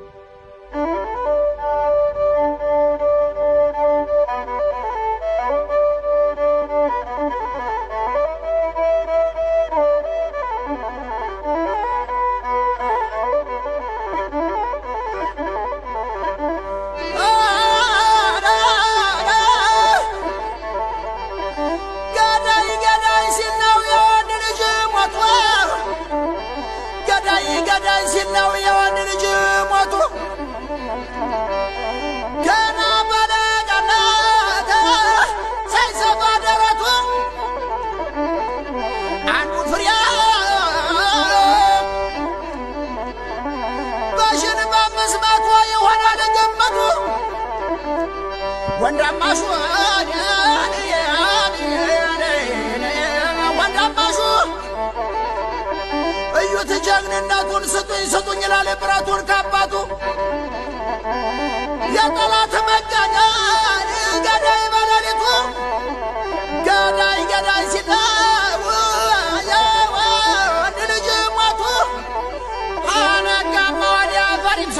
thank you ሆነ ለገመዱ ወንዳማሹ ወንዳማሹ እዩት ጀግንነቱን ስጡኝ ስጡኝ ይላል ብረቱን ካባቱ የጠላት መገደል ገዳይ በል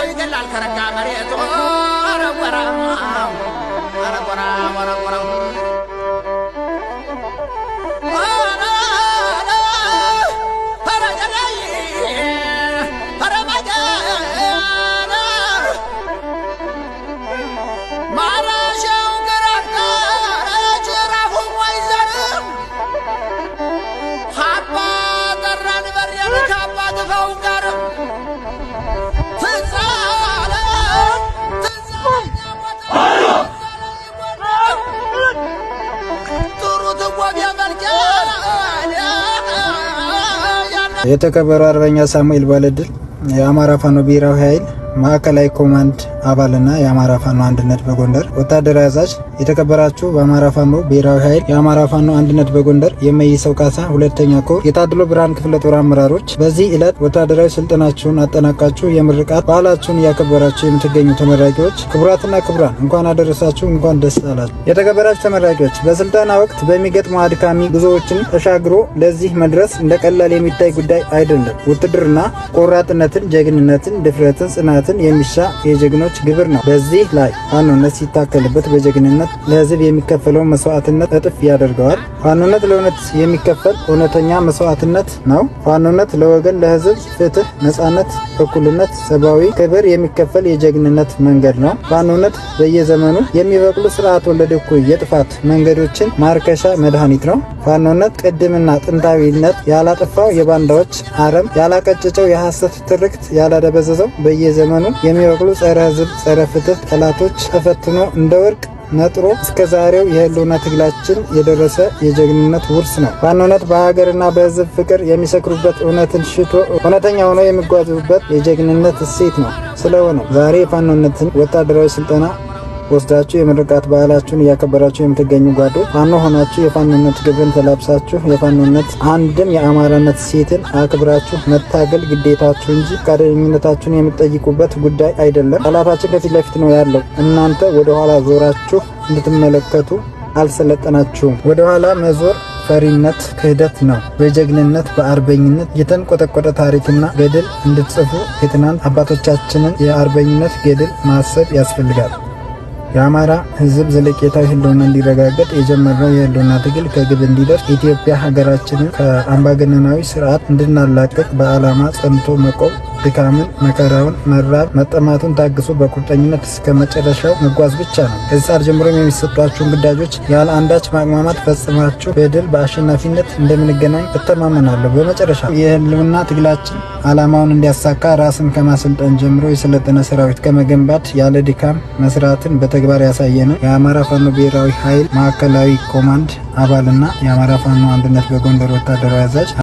ሰው ይገላል ከረጋ መሬቱ አረቆራ አረቆራ አረቆራ Oh, God. የተከበረው አርበኛ ሳሙኤል ባለድል የአማራ ፋኖ ብሔራዊ ኃይል ማዕከላዊ ኮማንድ አባልና የአማራ ፋኖ አንድነት በጎንደር ወታደራዊ አዛዥ የተከበራችሁ በአማራ ፋኖ ብሔራዊ ኃይል የአማራ ፋኖ አንድነት በጎንደር የመይሰው ካሳ ሁለተኛ ኮር የታድሎ ብርሃን ክፍለ ጦር አመራሮች በዚህ ዕለት ወታደራዊ ስልጠናችሁን አጠናቃችሁ የምርቃት በዓላችሁን እያከበራችሁ የምትገኙ ተመራቂዎች ክቡራትና ክቡራን እንኳን አደረሳችሁ፣ እንኳን ደስ አላችሁ። የተከበራችሁ ተመራቂዎች በስልጠና ወቅት በሚገጥሙ አድካሚ ጉዞዎችን ተሻግሮ ለዚህ መድረስ እንደ ቀላል የሚታይ ጉዳይ አይደለም። ውትድርና ቆራጥነትን፣ ጀግንነትን፣ ድፍረትን፣ ጽናትን የሚሻ የጀግኖች ሰዎች ግብር ነው። በዚህ ላይ ፋኖነት ሲታከልበት በጀግንነት ለህዝብ የሚከፈለው መስዋዕትነት እጥፍ ያደርገዋል። ፋኖነት ለእውነት የሚከፈል እውነተኛ መስዋዕትነት ነው። ፋኖነት ለወገን ለህዝብ ፍትህ፣ ነጻነት፣ እኩልነት፣ ሰብአዊ ክብር የሚከፈል የጀግንነት መንገድ ነው። ፋኖነት በየዘመኑ የሚበቅሉ ስርዓት ወለድ እኩይ የጥፋት መንገዶችን ማርከሻ መድኃኒት ነው። ፋኖነት ቅድምና ጥንታዊነት ያላጠፋው የባንዳዎች አረም ያላቀጨጨው የሐሰት ትርክት ያላደበዘዘው በየዘመኑ የሚበቅሉ ጸረ ዝርዝር ጸረ ፍትህ ጠላቶች ተፈትኖ እንደ ወርቅ ነጥሮ እስከ ዛሬው የህልውና ትግላችን የደረሰ የጀግንነት ውርስ ነው። በዋናነት በሀገርና በህዝብ ፍቅር የሚሰክሩበት እውነትን ሽቶ እውነተኛ ሆኖ የሚጓዙበት የጀግንነት እሴት ነው። ስለሆነ ዛሬ የፋኖነትን ወታደራዊ ስልጠና ወስዳችሁ የምርቃት በዓላችሁን እያከበራችሁ የምትገኙ ጓዶ ፋኖ ሆናችሁ የፋኖነት ግብን ተላብሳችሁ የፋኖነት አንድም የአማራነት ሴትን አክብራችሁ መታገል ግዴታችሁ እንጂ ፈቃደኝነታችሁን የምትጠይቁበት ጉዳይ አይደለም። ጠላታችን ከፊት ለፊት ነው ያለው። እናንተ ወደኋላ ዞራችሁ እንድትመለከቱ አልሰለጠናችሁም። ወደኋላ መዞር ፈሪነት ክህደት ነው። በጀግንነት በአርበኝነት የተንቆጠቆጠ ታሪክና ገድል እንድትጽፉ የትናንት አባቶቻችንን የአርበኝነት ገድል ማሰብ ያስፈልጋል። የአማራ ህዝብ ዘለቄታዊ ህልውና እንዲረጋገጥ የጀመረው የህልውና ትግል ከግብ እንዲደርስ ኢትዮጵያ ሀገራችንን ከአምባገነናዊ ስርዓት እንድናላቅቅ በዓላማ ጸንቶ መቆም ድካምን፣ መከራውን፣ መራብ፣ መጠማቱን ታግሶ በቁርጠኝነት እስከ መጨረሻው መጓዝ ብቻ ነው። ከዚህ ሰዓት ጀምሮ የሚሰጧችሁን ግዳጆች ያለ አንዳች ማቅማማት ፈጽማችሁ በድል በአሸናፊነት እንደምንገናኝ እተማመናለሁ። በመጨረሻ የህልውና ትግላችን አላማውን እንዲያሳካ ራስን ከማሰልጠን ጀምሮ የሰለጠነ ሰራዊት ከመገንባት ያለ ድካም መስራትን በተግባር ያሳየነ የአማራ ፋኖ ብሔራዊ ኃይል ማዕከላዊ ኮማንድ አባልና የአማራ ፋኖ አንድነት በጎንደር ወታደራዊ አዛዥ